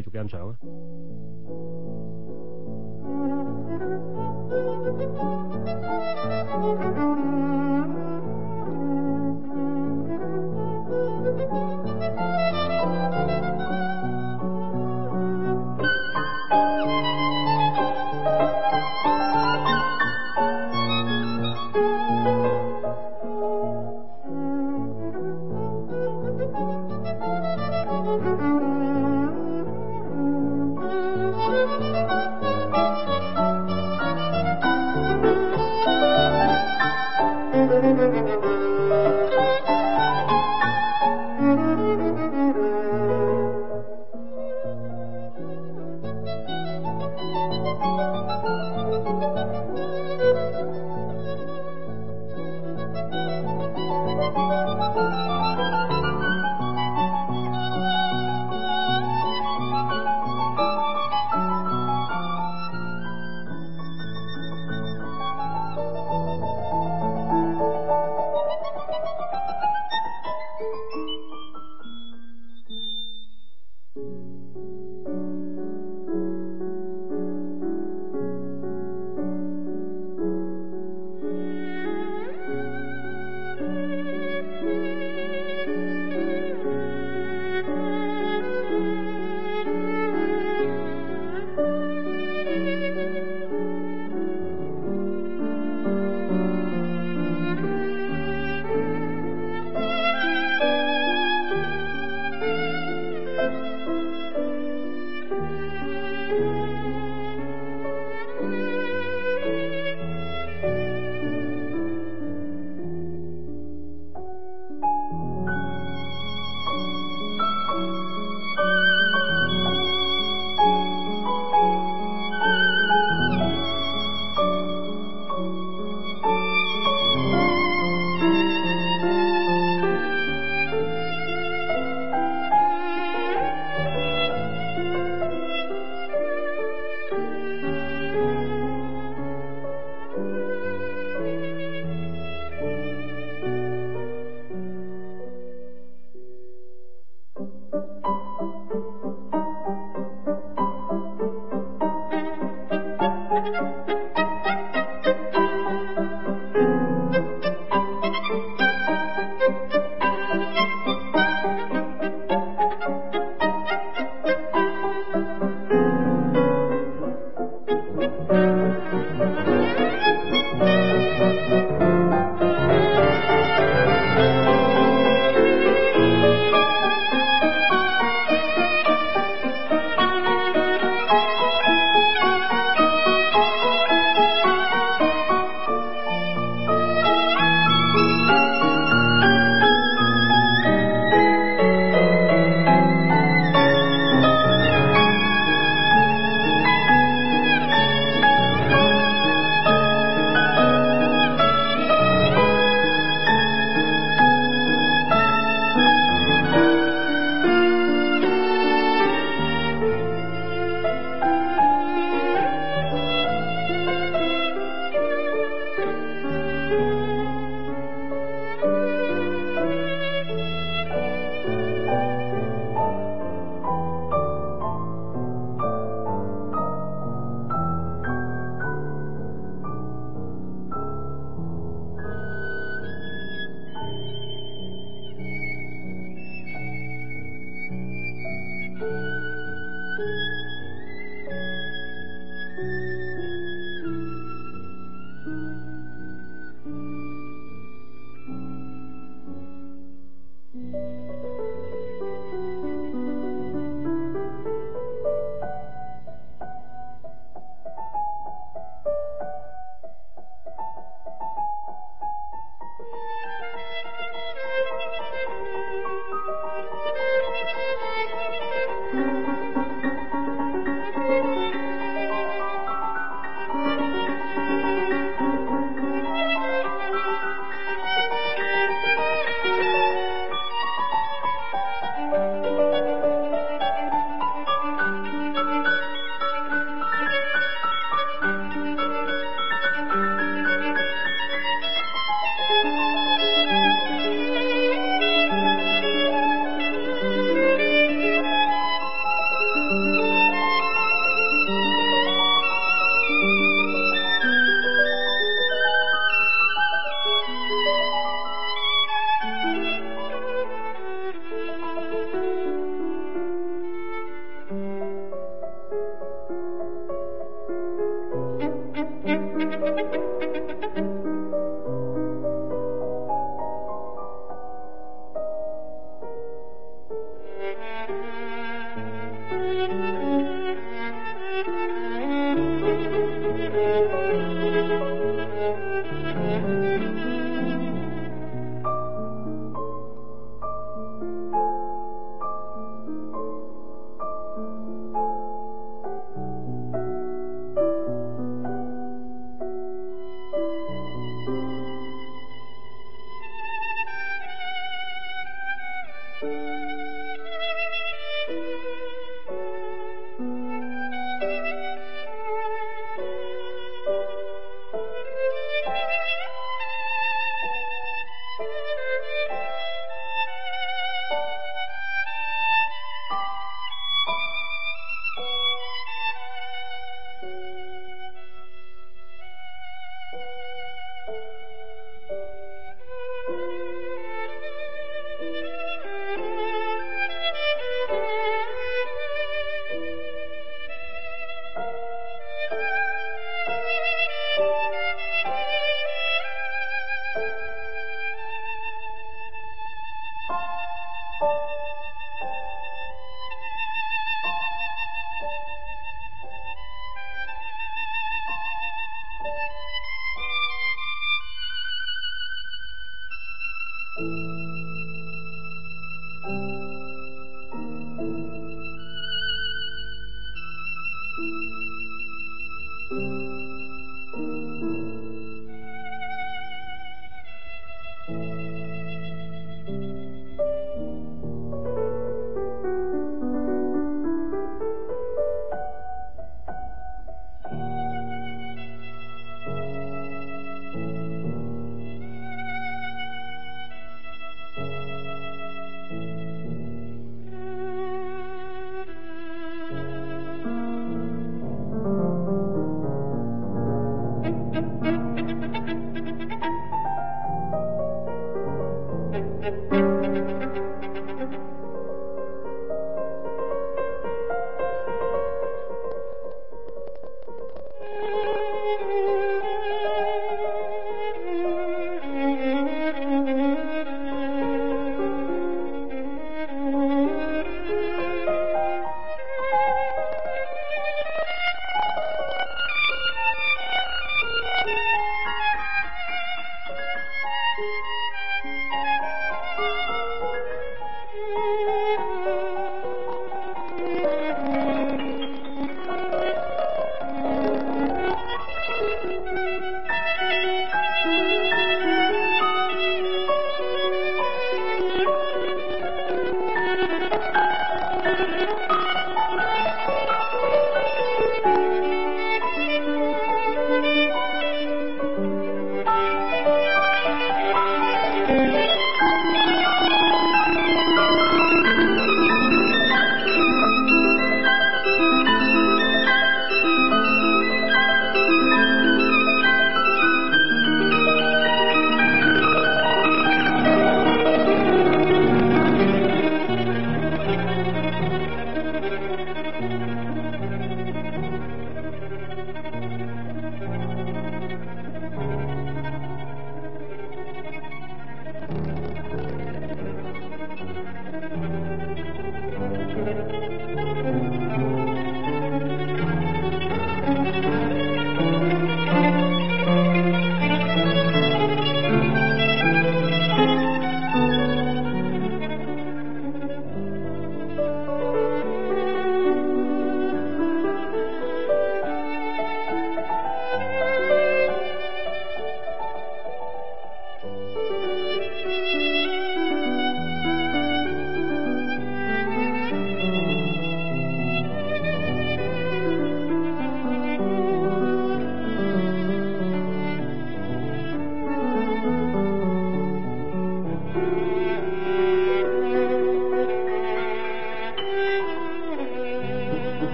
繼續欣賞啊！